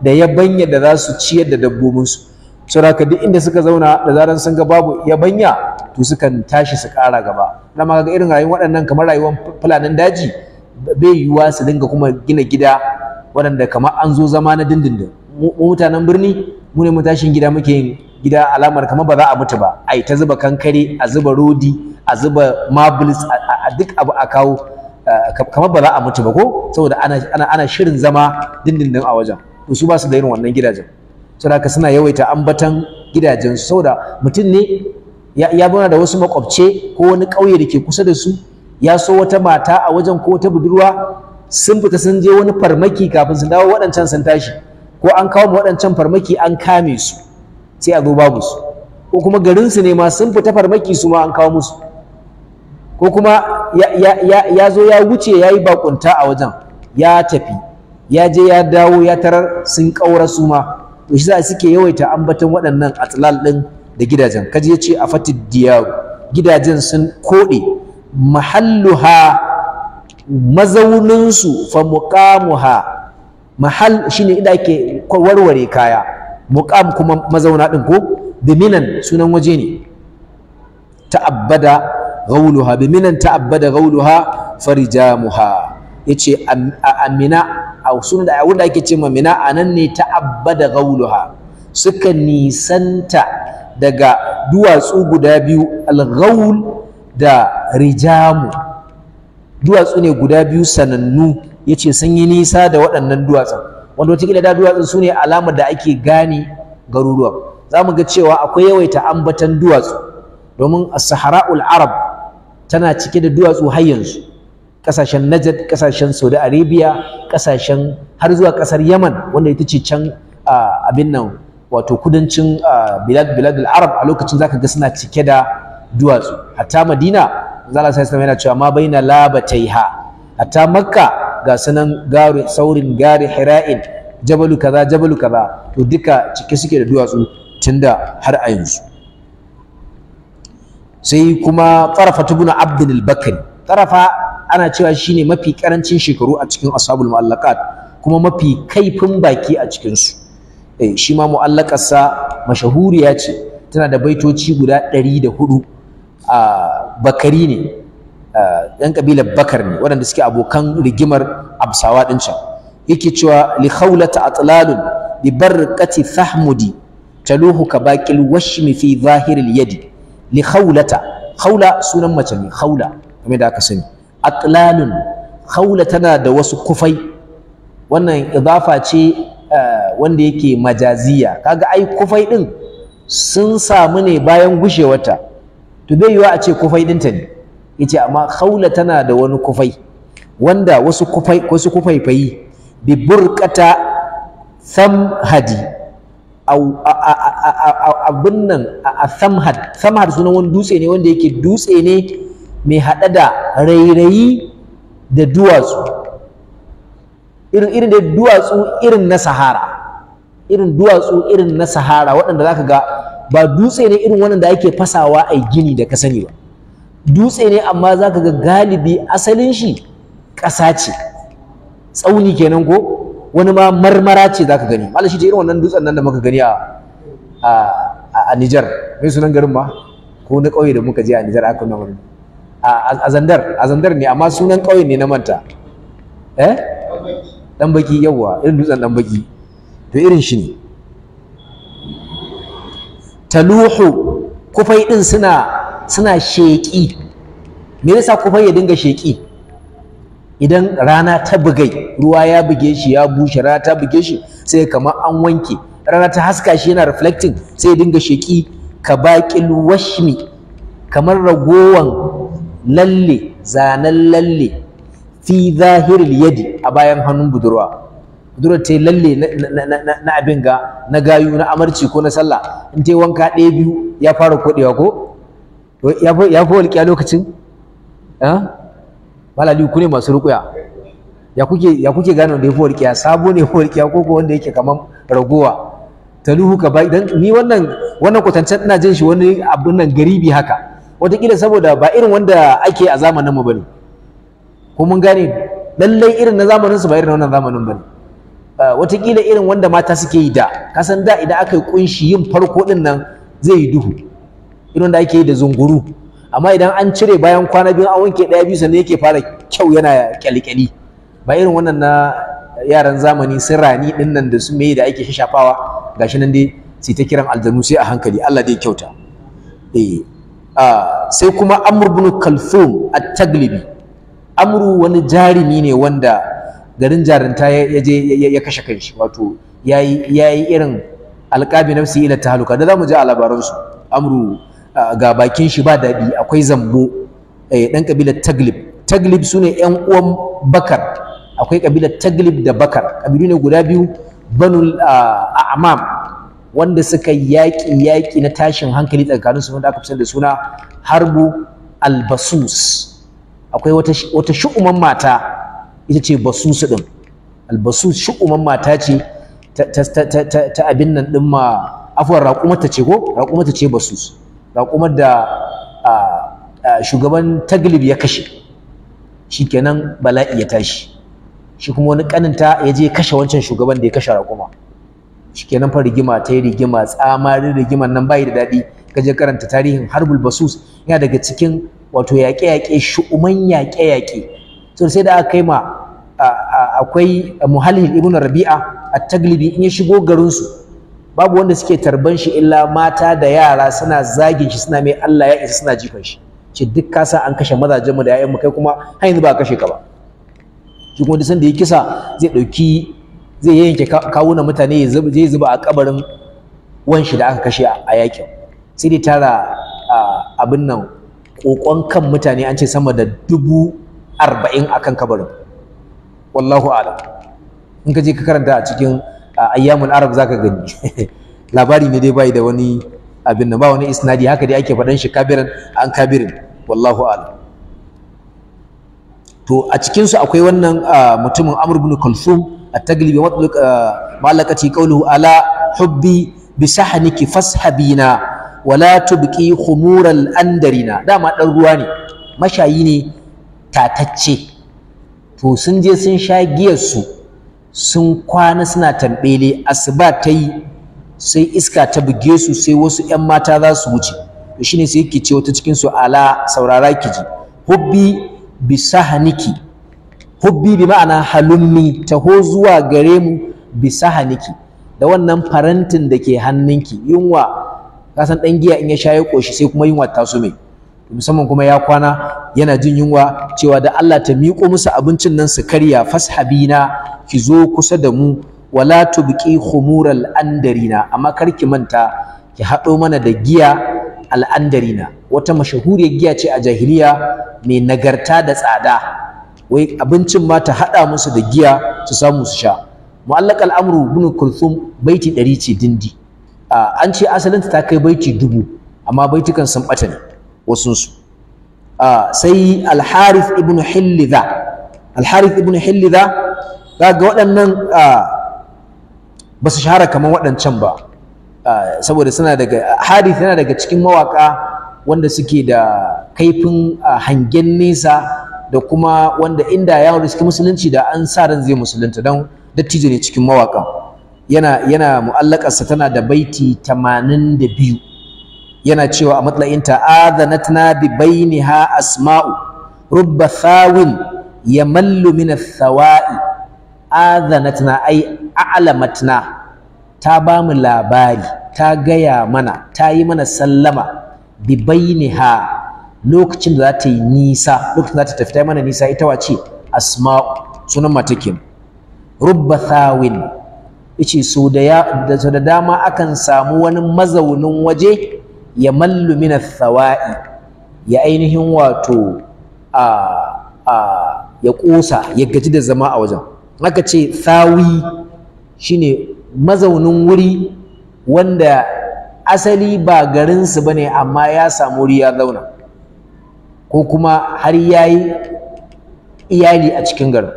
da yabanya da za su ciyar da dabbobinsu saboda duk inda suka zauna da zaran sun ga babu yabanya to sukan tashi su ƙara gaba na ma ga irin rayuwar waɗannan kamar rayuwar fulanin daji bai yiwuwa su dinga kuma gina gida waɗanda kamar an zo zama na dindindin mu mutanen birni mu ne mu tashin gida muke yin gida alamar kama ba za a mutu ba ai ta zuba kankare a zuba rodi a zuba marbles a duk abu a kawo kama ba za a mutu ba ko saboda ana shirin zama dindindin a wajen to su ba su da irin wannan gidajen saboda haka suna yawaita ambatan gidajen su saboda mutum ne ya bana da wasu makwabce ko wani kauye da ke kusa da su ya so wata mata a wajen ko wata budurwa sun fita sun je wani farmaki kafin su dawo wadancan sun tashi ko an kawo waɗancan farmaki an kame su sai a zo babu su ko kuma garinsu ne ma sun fita farmaki su ma an kawo musu ko kuma ya zo ya wuce ya yi bakunta a wajen ya tafi ya je ya dawo ya tarar sun ƙaura su ma to shi za suke yawaita ambaton waɗannan atlal ɗin da gidajen kaji ya ce a fatid diyaru gidajen sun koɗe mahalluha mazauninsu fa muqamuha mahal shine inda ake warware kaya muqam kuma mazauna din ko biminan sunan waje ne ta'abbada ghawluha biminan ta'abbada ghawluha farijamuha yace amina a sunan da wanda ake ce ma mina anan ne ta'abbada ghawluha suka nisanta daga duwatsu guda biyu al da rijamu duwatsu ne guda biyu sanannu yace sun yi nisa da waɗannan duwatsun wanda wataƙila da duwatsun su ne alamar da ake gane garuruwan za mu ga cewa akwai yawaita ambatan duwatsu domin sahara'ul arab tana cike da duwatsu har yanzu ƙasashen najad ƙasashen saudi arabia ƙasashen har zuwa ƙasar yaman wanda ita ce can abin nan wato kudancin bilad bilad arab a lokacin zaka ga suna cike da duwatsu hatta madina zala sai yana cewa ma baina labataiha hatta makka ga sunan gari saurin gari hira'in jabalu kaza jabalu kaza to duka cike suke da duwatsu tunda har a yanzu sai kuma tarafa tubuna abdul al-bakri ana cewa shine mafi karancin shekaru a cikin ashabul mu'allaqat kuma mafi kaifin baki a cikin su eh shi ma mu'allaqarsa mashahuriya ce tana da baitoci guda 104 a ah, bakari ne ɗan ƙabilar bakar ne waɗanda suke abokan rigimar absawa ɗin can yake cewa li khawlata atlalun bi barqati thahmudi taluhu ka baqil washmi fi zahiril yadi li khawlata khawla sunan mace ne khawla kamar da aka sani atlalun khawla tana da wasu kufai wannan idafa ce eh, wanda yake majaziya kaga ai kufai din sun samu ne bayan gushewarta to bai yiwa a ce kufai ɗinta ne yace amma khaula tana da wani kufai wanda wasu kufai wasu kufaifayi bi burqata samhadi au abin nan a samhad samhad sunan wani dutse ne wanda yake dutse ne mai haɗa da rairayi da duwatsu irin irin da duwatsu irin na sahara irin duwatsu irin na sahara waɗanda zaka ga ba dutse ne irin wannan da ake fasawa a gini da ka sani ba dutse ne amma za ka ga galibi asalin shi ƙasa ce tsauni kenan ko wani ma marmara ce za ka gani malam ta irin wannan dutsen nan da muka gani a a Nijar mai sunan garin ma ko na ƙauye da muka je a Nijar aka nuna wani a Zandar a Zandar ne amma sunan ƙauye ne na manta eh dan baki yawwa irin dutsen dan baki to irin shi ne taluhu kufai din suna suna sheƙi me yasa kufai ya dinga sheƙi idan rana ta bugai ruwa ya buge shi ya bushe rana ta buge shi sai kamar an wanke rana ta haska shi yana reflecting sai ya dinga sheƙi ka baƙil washmi kamar ragowan lalle zanen lalle fi zahiril yadi a bayan hannun budurwa budurwa ta lalle na abin ga na gayu na amarci ko na sallah in ta wanka ɗaya biyu ya fara koɗewa ko ya fi walƙiya lokacin malali ku ne masu rukuya ya kuke gane wanda ya fi walƙiya sabo ne fi walƙiya ko wanda yake kamar ragowa taluhu ka ba idan? ni wannan wannan kwatancen ina jin shi wani abin nan garibi haka wataƙila saboda ba irin wanda ake a zamanin mu bane ko mun gane lallai irin na zamanin su ba irin wannan zamanin bane ah, wataƙila irin wanda mata suke yi da kasan da idan aka yi kunshi yin farko din nan zai yi duhu irin da ake yi da zunguru amma idan an cire bayan kwana biyu an wanke ɗaya biyu sannan yake fara kyau yana kyalkyali ba irin wannan na yaran zamani sun rani ɗin nan da su me da ake shafawa gashi nan dai sai ta kiran aljanu sai a hankali Allah dai kyauta eh sai kuma Amr ibn Kalthum at-Taglibi Amru wani jarumi ne wanda garin jarinta ya je ya kashe kanshi wato yayi yayi irin alqabi nafsi ila tahluka da zamu ji a labaransu Amru ga bakin shi ba daɗi akwai zambo eh, ɗan ƙabilar taglib taglib su ne ‘yan uwan bakar akwai ƙabilar taglib da bakar ƙabilu ne guda biyu banul amam wanda suka yaƙi yaƙi na tashin hankali tsakanin su wanda aka fi da suna harbu albasus akwai wata shu'uman mata ita ce basusu ɗin albasus shu'uman mata ce ta abin nan ɗin ma afuwar raƙumata ce ko raƙumata ce basus raƙumar da shugaban taglib ya kashe shikenan bala'i ya tashi shi kuma wani kaninta ya je kashe wancan shugaban da ya kashe raƙuma kenan fa rigima ta yi rigima tsamarin rigiman nan bayi da daɗi kaje karanta tarihin harbul basus yana daga cikin wato yaƙe-yaƙe shu'uman yaƙe-yaƙe to sai da aka kai ma akwai muhallin ibnu rabi'a at-taglibi in ya shigo garin su babu wanda suke tarban shi illa mata da yara suna zagin shi suna mai Allah ya isa suna jifan shi ce duk ka san an kashe mazajenmu da mu kai kuma har yanzu ba kashe ka ba shi kuma duk sanda ya kisa zai ɗauki zai yanke kawunan mutane zai zuba a kabarin wan da aka kashe a yakin sai dai tara abin nan kokon kan mutane an ce sama da dubu arba'in akan kabarin wallahu a'lam in ka je ka karanta a cikin a ayyamul arab zaka gani labari ne dai bai da wani abin da ba wani isnadi haka dai ake faɗan shi kabiran an kabirin wallahu a'lam to a cikin su akwai wannan mutumin Amr ibn kulsum at-Taglibi wa malakati qawluhu ala hubbi bi sahniki fashabina wala tubqi khumural andarina dama dan ruwa ne mashayi ne tatacce to sun je sun sha giyar su sun kwana suna tambele asuba ta yi sai iska ta buge su sai wasu 'yan mata za su wuce to shine sai yake ce wata cikin su ala saurara ki ji hubbi bi sahaniki hubbi bi ma'ana halummi taho zuwa gare mu bi sahaniki da wannan farantin da ke hannunki yunwa kasan ɗan giya in ya sha ya sai kuma yunwa ta su mai musamman kuma ya kwana yana jin yunwa cewa da Allah ta miƙo musu abincin nan su karya fashabina ki zo kusa da mu wala tubqi khumural andarina amma kar ki manta ki haɗo mana da giya al'andarina wata mashahuriyar giya ce a jahiliya mai nagarta da tsada wai abincin ma ta haɗa musu da giya su samu su sha mu'allaq al'amru ibn kulthum baiti ɗari ce dindi ah, an ce asalinta ta kai baiti dubu amma baitukan sun ɓata ne wasunsu sai alharif ibn hillida alharif ibn hillida za ga waɗannan ba su shahara kamar waɗancan ba saboda suna daga harif yana daga cikin mawaƙa wanda suke da kaifin hangen nesa da kuma wanda inda ya suke musulunci da an sa ran zai musulunta don dattijo ne cikin mawaƙa. yana yana mu'allakarsa tana da baiti 82 yana cewa a matsayin ta'adanatna bi bainiha asma'u rubba thawin yamallu min athawai adanatna ai a'lamatna ta ba mu labari ta gaya mana ta yi mana sallama bi bainiha lokacin da za ta yi nisa lokacin da za ta tafi ta yi mana nisa ita wace asma'u sunan matakin rubba thawin yace so da dama akan samu wani mazaunin waje ya mallu mina thawa'i ya ainihin wato a a ya kosa ya gaji da zama a wajen aka ce thawi shine mazaunin wuri wanda asali ba garinsu bane amma ya samu wuri ya zauna ko kuma har yayi iyali a cikin garin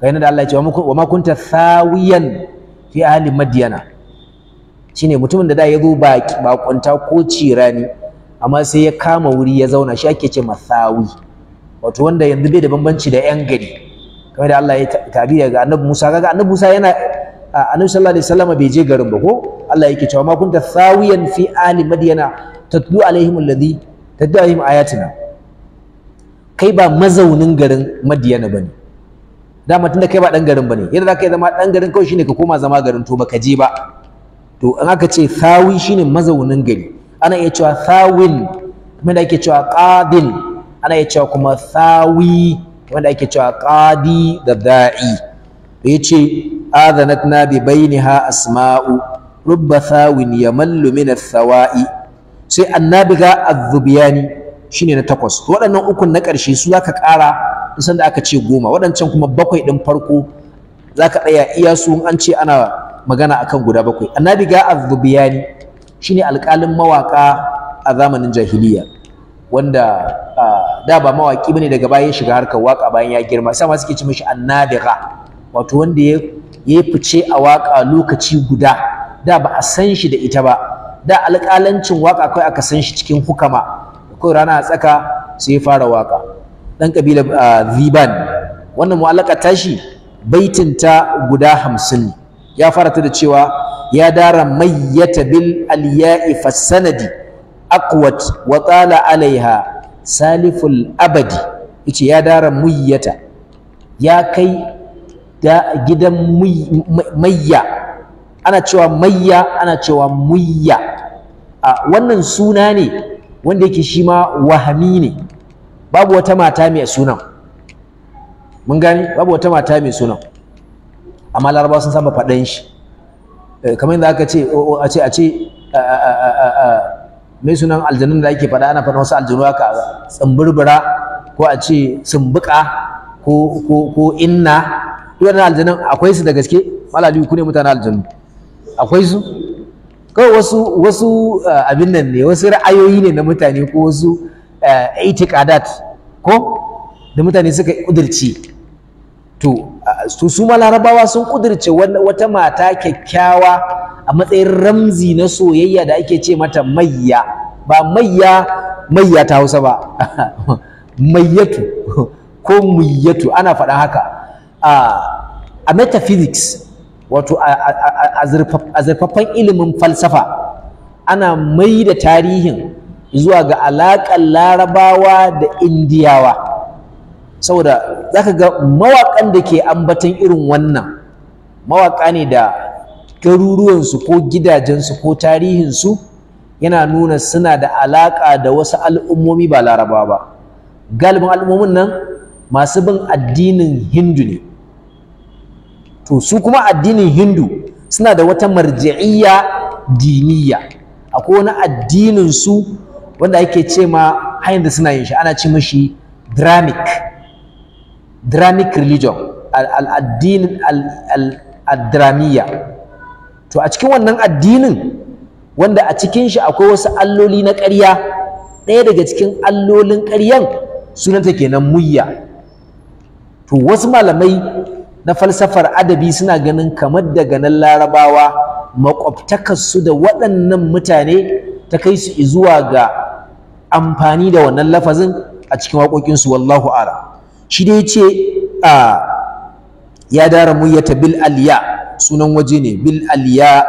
kai da Allah ya ce wa ma kunta thawiyan fi ahli madyana shine mutumin da da ya zo kwanta ko cirani amma sai ya kama wuri ya zauna shi ake ce masawi wato wanda yanzu bai da bambanci da yan gari kamar da Allah ya tabira ga Annabi Musa kaga Annabi Musa yana Annabi sallallahu alaihi wasallam bai je garin ba ko Allah yake cewa ma kunta sawiyan fi ali madyana tatlu alaihim alladhi tatlu alaihim ayatina kai ba mazaunin garin madyana bane dama tunda kai ba dan garin bane yadda zaka zama dan garin kawai shine ka koma zama garin to baka je ba to in aka ce thawi shine mazaunin gari ana iya cewa thawin kuma da ake cewa qadin ana iya cewa kuma thawi kuma da ake cewa qadi da da'i yace adanatna bi ha asma'u rubba thawin yamallu min athawai sai annabiga az shine na takwas to waɗannan uku na ƙarshe su zaka ƙara san da aka ce goma waɗancan kuma bakwai ɗin farko zaka tsaya iya su an ce ana magana akan guda bakwai annabi ga azubiyani shine alƙalin mawaka a zamanin jahiliya wanda da ba mawaki bane daga baya ya shiga harkar waka bayan ya girma sai ma suke ce mishi annabiga wato wanda ya ya fice a waka lokaci guda da ba a san shi da ita ba da alƙalancin waka kai aka san shi cikin hukama kai rana a tsaka sai ya fara waka dan kabilar Ziban wannan mu'allaka tashi baitinta guda hamsin ya fara ta da cewa ya dara mayyata bil aliya'i fasanadi aqwat wa tala alaiha saliful abadi yace ya dara muyyata ya kai da gidan mayya ana cewa mayya ana cewa muyya a wannan suna ne wanda yake shi ma wahami ne babu wata mata mai sunan mun gani babu wata mata mai sunan amma larabawa sun saba faɗan shi eh, kamar yadda aka ce a ce a ce mai sunan aljanun da ake faɗa ana faɗa wasu aljanu haka tsamburbura ko a ce sumbuka ko ko ko inna waɗannan aljanun akwai su da gaske malali ku ne mutanen aljanu akwai su kawai wasu wasu eh, abin nan ne wasu ra'ayoyi ne na mutane ko wasu eh, itiqadat ko da mutane suka ƙudurci to su ma larabawa sun kudirce wata mata kyakkyawa a matsayin ramzi na soyayya da ake ce mata mayya ba mayya mayya ta hausa ba mayyatu ko muyyatu ana faɗa haka a metaphysics wato a zurfaffen ilimin falsafa ana mai da tarihin zuwa ga alaƙar larabawa da indiyawa saboda za ka ga mawaƙan da ke ambatan irin wannan mawaƙa ne da garuruwansu ko gidajensu ko tarihinsu yana nuna suna da alaƙa da wasu al'ummomi ba laraba ba galibin al'ummomin nan masu bin addinin hindu ne to su kuma addinin hindu suna da wata marji'iyya diniya akwai wani addinin wanda ake ce ma hanyar da suna yin shi ana ce mashi dramic dramic religion al addinin al-dramiya to a cikin wannan addinin wanda a cikin shi akwai wasu alloli na ƙarya ɗaya daga cikin allolin ƙaryan sunanta kenan muyya to wasu malamai na falsafar adabi suna ganin kamar daga nan larabawa su da waɗannan mutane ta kai su zuwa ga amfani da wannan lafazin a cikin waƙoƙinsu wallahu a'lam shi dai ce a ya dara muyyata bil aliya sunan waje ne bil aliya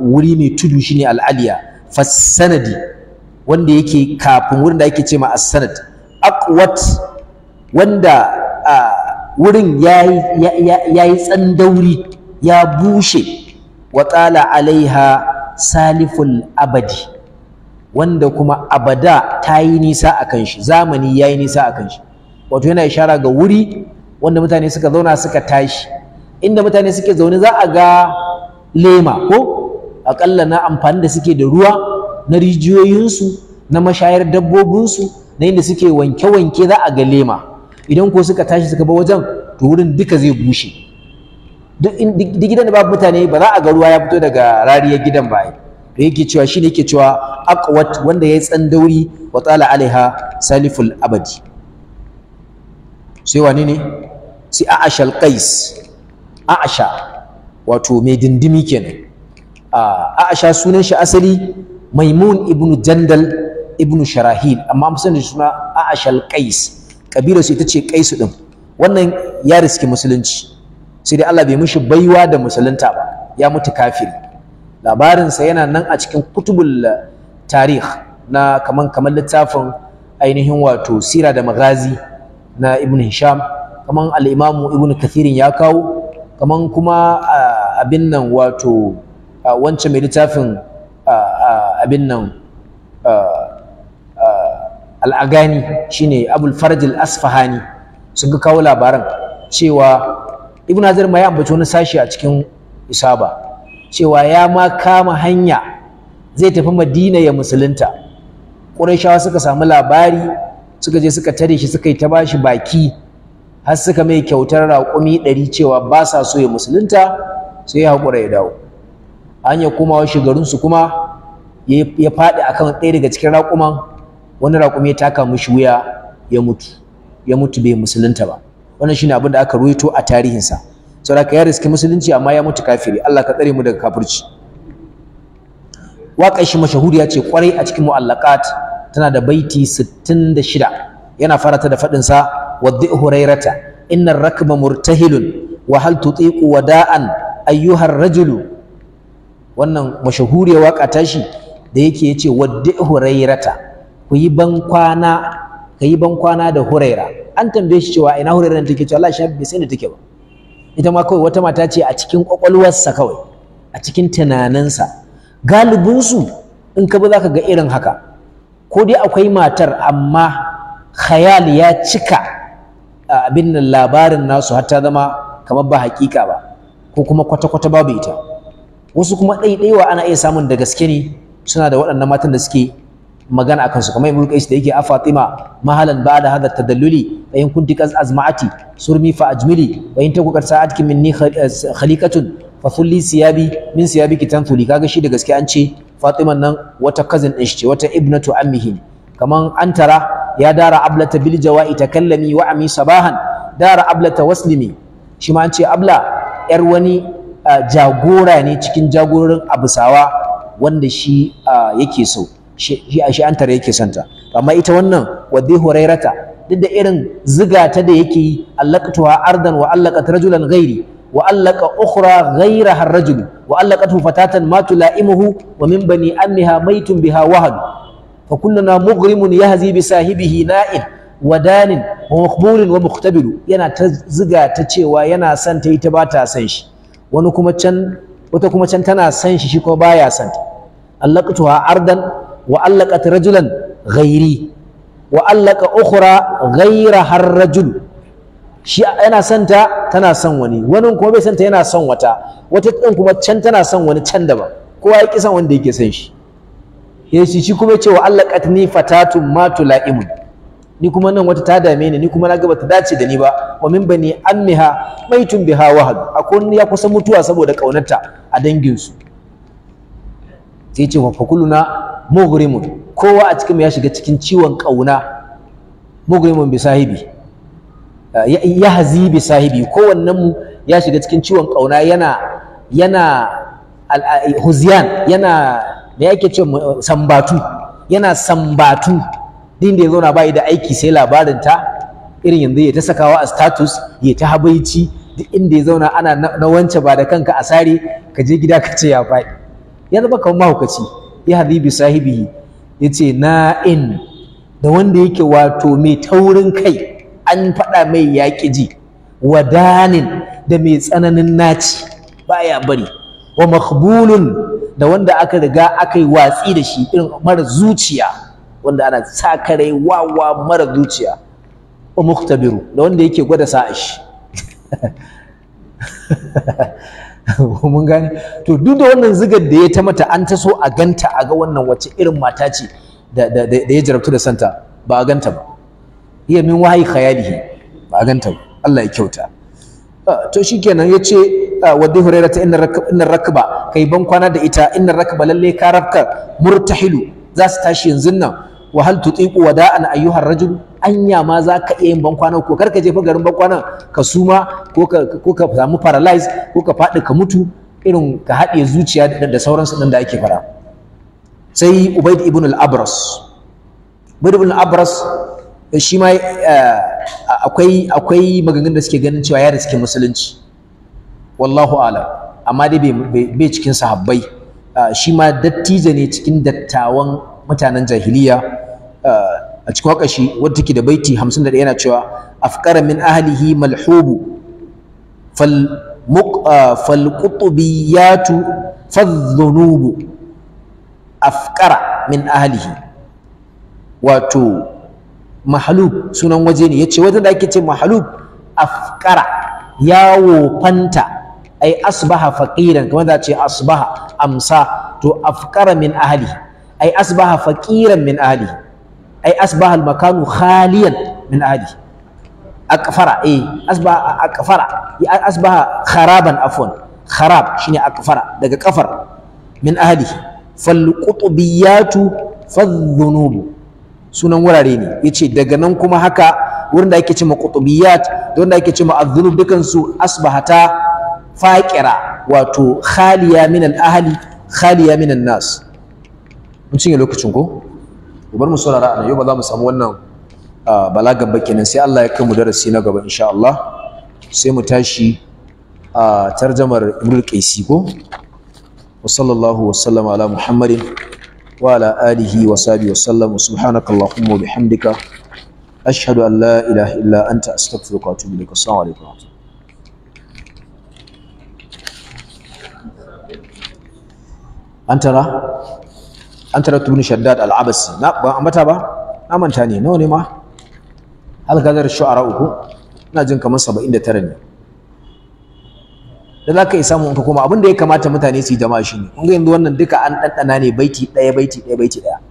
wuri mai tudu shine al aliya fassanadi wanda yake kafin wurin da ake ce ma as-sanad aqwat wanda wurin ya yi tsandauri ya bushe watsala alaiha saliful abadi wanda kuma abada ta yi nisa a kan shi zamani ya yi nisa a kan shi wato yana ishara ga wuri wanda mutane suka zauna suka tashi inda mutane suke zaune za a ga lema ko akalla na amfani da suke da ruwa na rijiyoyinsu na mashayar dabbobinsu na inda suke wanke-wanke za a ga lema idan ko suka tashi suka ba wajen to wurin duka zai bushe duk gidan da babu mutane ba za a ga ruwa ya fito daga rariyar gidan ba to yake cewa shi shine yake cewa aqwat wanda ya yi tsandauri wa tsala alaiha saliful abadi sai wani ne sai ashal kais qais a'asha wato mai dindimi kenan a'asha sunan shi asali maimun ibnu jandal ibnu sharahil amma amsan da suna a ashal qais kabila su ita ce kaisu din wannan ya riski musulunci sai dai Allah bai mishi baiwa da musulunta ba ya mutu kafiri labarinsa yana nan a cikin kutubul tarih na kaman kamar littafin ainihin wato sira da magazi na ibn hisham kaman al-imamu ibn kathirin ya kawo kaman kuma abin nan wato wancan mai littafin abin nan al-agani shine abul farj al-asfahani sun ga kawo labaran cewa ibn hazar ma ya ambaci wani sashi a cikin isaba cewa ya ma kama hanya zai tafi madina ya musulunta ƙurashawa suka samu labari suka je suka tare shi suka yi ta bashi baki har suka mai kyautar raƙumi ɗari cewa ba sa so ya musulunta sai ya haƙura ya dawo An ya komawa su kuma ya faɗi akan ɗaya daga cikin raƙuman wani raƙumi ya taka mishi wuya ya mutu ya mutu bai musulunta ba wannan shine abin da aka ruwaito a tarihinsa saboda ya riski musulunci amma ya mutu kafiri Allah ka tsare mu daga kafirci waƙar shi mashahuriya ce kwarai a cikin mu'allaqat tana da baiti 66 yana farata da fadin sa waddi hurairata inna rakba murtahilun wa hal tutiqu wada'an ayyuha rajulu wannan mashahuriyar waka tashi da yake yace waddi hurairata ku yi ban kwana ka yi ban kwana da huraira an tambaye shi cewa ina huraira take cewa Allah shi bai sai da take ba ita ma kawai wata mata ce a cikin kwakwalwarsa kawai a cikin tunaninsa galibinsu in ka bi za ka ga irin haka ko dai akwai matar amma khayal ya cika abin nan labarin nasu har ta zama kamar ba hakika ba ko kuma kwata-kwata babu ita wasu kuma ɗaiɗaiwa ana iya samun da gaske ne suna da waɗannan matan da suke magana akan su kamar ibnu qais da yake a fatima mahalan ba'da da tadalluli fa in kunti qaz azma'ati surmi fa ajmili wa in taku qad minni khaliqatun fa siyabi min siyabiki tanthuli kaga shi da gaske an ce Fatima nan wata cousin din shi ce wata ibnatu ammihi ne kaman antara ya dara ablata bil jawa'i takallami wa ami sabahan dara ablata waslimi shi ma an ce abla yar wani jagora ne cikin jagororin abusawa wanda shi yake so shi a shi antara yake santa amma ita wannan wadhi hurairata duk da irin ziga ta da yake yi allaqtuha ardan wa allaqat rajulan ghairi وألق أخرى غيرها الرجل وألقته فتاة ما تلائمه ومن بني أمها ميت بها وهن فكلنا مغرم يهزي بساهبه نائل ودان ومقبول ومختبر ينا تزغى تشيوى ينا سنتي تباتا سنش ونكما تشن وتكما سنش شكو بايا سنت ألقتها أردا وألقت رجلا غيري وألق أخرى غيرها الرجل shi yana son ta tana son wani wani kuma bai son ta yana son wata wata din kuma can tana son wani can da daban kowa ya ki son wanda yake son shi ya ce shi kuma cewa Allah katni fatatu matu la'imu ni kuma nan wata ta dame ni ni kuma na gaba ta dace da ni ba wa min bani ammiha maitun biha wahad akwai ya kusa mutuwa saboda kaunarta a dangin su sai ce wa fakuluna mughrimun kowa a cikin ya shiga cikin ciwon kauna mughrimun bi sahibi ya hazi bi sahibi kowannen mu ya shiga cikin ciwon ƙauna, yana yana huziyan yana me yake ce sambatu yana sambatu din da ya zauna bai da aiki sai labarin ta irin yanzu ya ta sakawa a status ya ta habaici duk inda ya zauna ana na wance ba da kanka a sare ka je gida ka ce ya faɗi ya zama kamar mahaukaci ya hazibi sahibi ya ce na'in da wanda yake wato mai taurin kai an faɗa mai yaƙi ji wadanin da mai tsananin naci baya bari wa makbulun da wanda aka riga aka watsi da shi irin mara zuciya wanda ana sakarai wawa mara zuciya wa muktabiru da wanda yake gwada sa'a shi mun gane to duk da wannan zigar da ya ta mata an ta so a ganta a ga wannan wacce irin mata ce da ya jarabtu da santa ba a ganta ba hiya min wahayi khayalihi ba a ganta Allah ya kyauta ah, to shikenan yace ah, wa hurairah ta innar rakba kai ban kwana da ita inna rakba lalle ka rafka murtahilu za su tashi yanzu nan wa hal tutiqu wada'an ayyuhar rajul anya ma za ka iya yin ban kwana ko karka je fa garin ban kwana ka suma ko ka ko ka samu paralyze ko ka fadi ka mutu irin ka haɗiye zuciya da sauransu din da ake fara sai ubaid ibn al-abras ubaid ibn al-abras shi ma eh, akwai akwai maganganun da suke ganin cewa ya da musulunci wallahu alam amma dai bai cikin sahabbai eh, shi ma dattijo ne cikin dattawan mutanen jahiliya eh, a cikin wakashi wadda take da baiti 51 yana cewa afqara min ahlihi malhubu fal فالقطبيات فالذنوب min من أهله wato. mahalub sunan waje ne ya ce wajen da ake ce mahalub afkara ya wofanta ai asbaha faqiran kamar da ce asbaha amsa to afkara min ahli ai asbaha faqiran min ahli ai asbaha al-makanu khaliyan min ahli akfara eh asbaha akfara asbaha kharaban afwan kharab shine akfara daga kafar min ahli fal qutbiyatu fadh-dhunub sunan wurare ne yace daga nan kuma haka wurin da ake cewa qutubiyat da wanda ake cewa az-zunub dukan su asbahata faqira wato khaliya min al-ahli khaliya min an-nas mun cinye lokacin ko bar mu saurara anan ba za mu samu wannan balagan ba kenan sai Allah ya kai mu darasi na gaba insha Allah sai mu tashi a tarjamar Imrul Qaisi ko wa sallallahu wa sallama ala Muhammadin وعلى آله وصحبه وسلم وسبحانك اللهم وبحمدك أشهد أن لا إله إلا أنت أستغفرك وأتوب إليك السلام عليكم ورحمة الله an an tara tubni shaddad al-abasi na ban ambata ba na manta ne nawa ne ma gadar shu'ara uku ina jin kamar 79 ne da za ka yi samun ka koma abin da ya kamata mutane su yi jama'a shi ne kun yanzu wannan duka an ɗanɗana ne baiti ɗaya baiti ɗaya baiti ɗaya